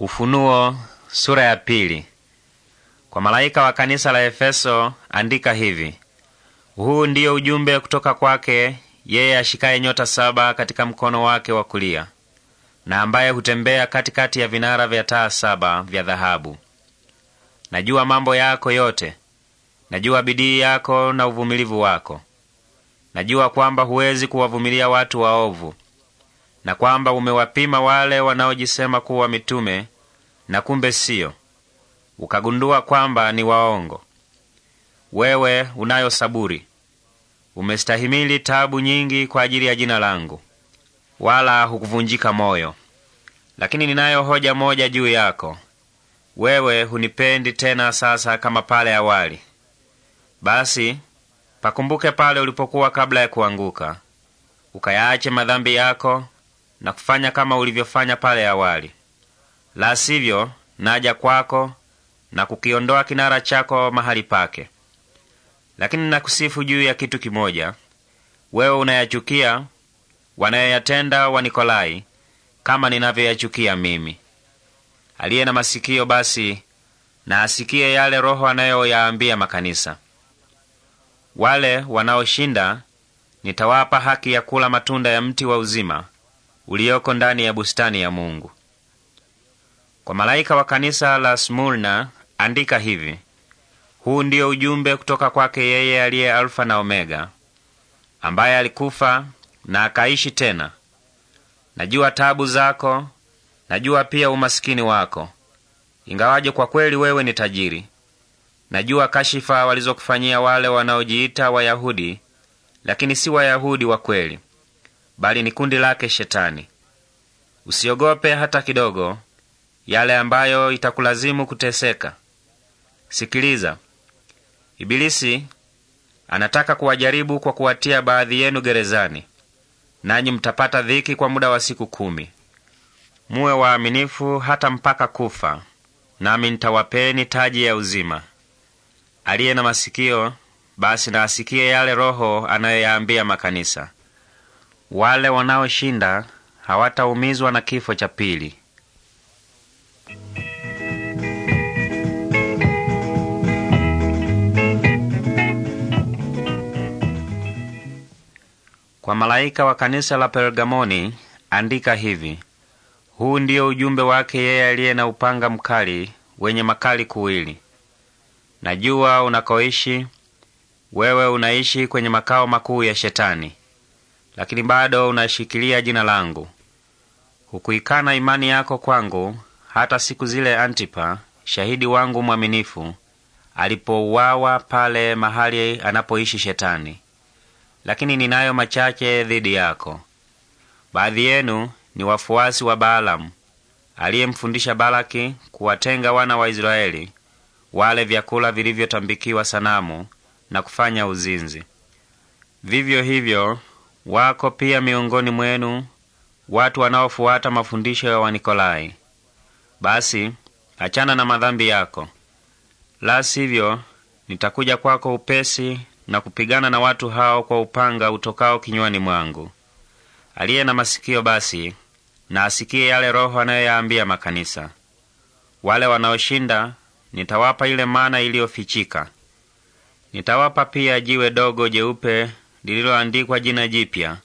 Ufunuo sura ya pili. Kwa malaika wa kanisa la Efeso andika hivi: huu ndiyo ujumbe kutoka kwake yeye ashikaye nyota saba katika mkono wake wa kulia na ambaye hutembea katikati ya vinara vya taa saba vya dhahabu. Najua mambo yako yote, najua bidii yako na uvumilivu wako, najua kwamba huwezi kuwavumilia watu waovu na kwamba umewapima wale wanaojisema kuwa mitume na kumbe siyo, ukagundua kwamba ni waongo. Wewe unayo saburi, umestahimili tabu nyingi kwa ajili ya jina langu, wala hukuvunjika moyo. Lakini ninayo hoja moja juu yako, wewe hunipendi tena sasa kama pale awali. Basi pakumbuke pale ulipokuwa kabla ya kuanguka, ukayaache madhambi yako na kufanya kama ulivyofanya pale awali. La sivyo, naja kwako na kukiondoa kinara chako mahali pake. Lakini nakusifu juu ya kitu kimoja: wewe unayachukia wanayoyatenda Wanikolai kama ninavyoyachukia mimi. Aliye na masikio basi na asikie yale Roho anayoyaambia makanisa. Wale wanaoshinda nitawapa haki ya kula matunda ya mti wa uzima ulioko ndani ya bustani ya Mungu. Kwa malaika wa kanisa la Smurna andika hivi: huu ndiyo ujumbe kutoka kwake yeye aliye Alfa na Omega, ambaye alikufa na akaishi tena. Najua tabu zako, najua pia umasikini wako, ingawaje kwa kweli wewe ni tajiri. Najua kashifa walizokufanyia wale wanaojiita Wayahudi, lakini si Wayahudi wa kweli, bali ni kundi lake Shetani. Usiogope hata kidogo yale ambayo itakulazimu kuteseka. Sikiliza, Ibilisi anataka kuwajaribu kwa kuwatia baadhi yenu gerezani, nanyi mtapata dhiki kwa muda wa siku kumi. Muwe waaminifu hata mpaka kufa, nami nitawapeni taji ya uzima. Aliye na masikio basi na asikie yale Roho anayoyaambia makanisa. Wale wanaoshinda hawataumizwa na kifo cha pili. Kwa malaika wa kanisa la Pergamoni andika hivi: huu ndiyo ujumbe wake yeye aliye na upanga mkali wenye makali kuwili. Najua unakoishi wewe, unaishi kwenye makao makuu ya Shetani lakini bado unashikilia jina langu. Hukuikana imani yako kwangu hata siku zile Antipa, shahidi wangu mwaminifu, alipouawa pale mahali anapoishi Shetani. Lakini ninayo machache dhidi yako. Baadhi yenu ni wafuasi wa Baalamu aliyemfundisha Balaki kuwatenga wana wa Israeli wale vyakula vilivyotambikiwa sanamu na kufanya uzinzi. Vivyo hivyo Wako pia miongoni mwenu watu wanaofuata mafundisho ya Wanikolai. Basi achana na madhambi yako, la sivyo nitakuja kwako upesi na kupigana na watu hao kwa upanga utokao kinywani mwangu. Aliye na masikio basi na asikie yale Roho anayoyaambia makanisa. Wale wanaoshinda nitawapa ile mana iliyofichika. Nitawapa pia jiwe dogo jeupe lililoandikwa jina jipya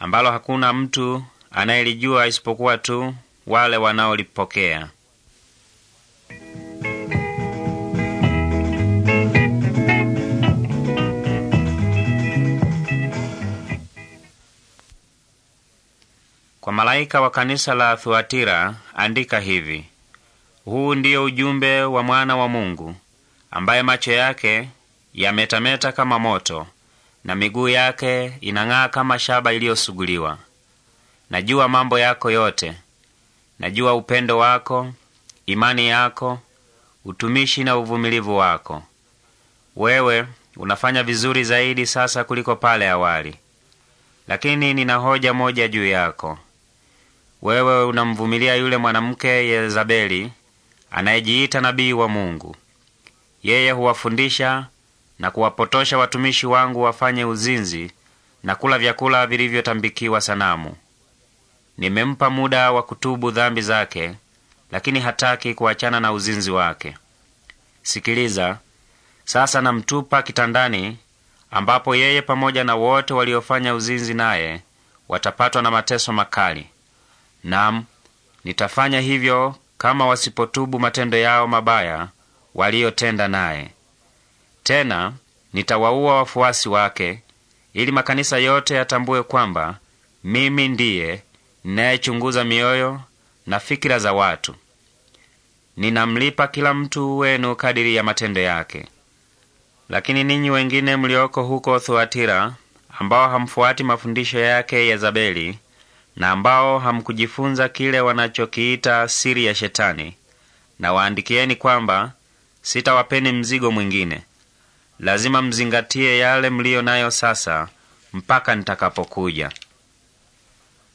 ambalo hakuna mtu anayelijua isipokuwa tu wale wanaolipokea. Kwa malaika wa kanisa la Thuatira andika hivi: huu ndiyo ujumbe wa mwana wa Mungu ambaye macho yake yametameta kama moto, na miguu yake inang'aa kama shaba iliyosuguliwa. Najua mambo yako yote, najua upendo wako, imani yako, utumishi na uvumilivu wako. Wewe unafanya vizuri zaidi sasa kuliko pale awali, lakini nina hoja moja juu yako. Wewe unamvumilia yule mwanamke Yezabeli anayejiita nabii wa Mungu. Yeye huwafundisha na kuwapotosha watumishi wangu wafanye uzinzi na kula vyakula vilivyotambikiwa sanamu. Nimempa muda wa kutubu dhambi zake, lakini hataki kuachana na uzinzi wake. Sikiliza sasa, namtupa kitandani, ambapo yeye pamoja na wote waliofanya uzinzi naye watapatwa na mateso makali. Nam, nitafanya hivyo kama wasipotubu matendo yao mabaya waliyotenda naye. Tena nitawaua wafuasi wake, ili makanisa yote yatambue kwamba mimi ndiye ninayechunguza mioyo na fikira za watu. Ninamlipa kila mtu wenu kadiri ya matendo yake. Lakini ninyi wengine mlioko huko Thuatira, ambao hamfuati mafundisho yake Yezabeli na ambao hamkujifunza kile wanachokiita siri ya Shetani, na waandikieni kwamba sitawapeni mzigo mwingine lazima mzingatie yale mliyo nayo sasa mpaka nitakapokuja.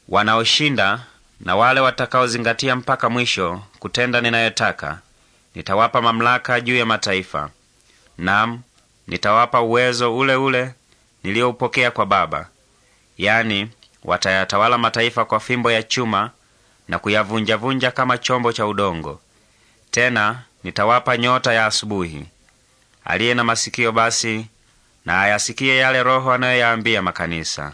Wanaoshinda na wale watakaozingatia mpaka mwisho kutenda ninayotaka, nitawapa mamlaka juu ya mataifa. nam nitawapa uwezo ule ule niliyoupokea kwa Baba, yani watayatawala mataifa kwa fimbo ya chuma na kuyavunjavunja kama chombo cha udongo. Tena nitawapa nyota ya asubuhi. Aliye na masikio basi na ayasikie yale Roho anayoyaambia makanisa.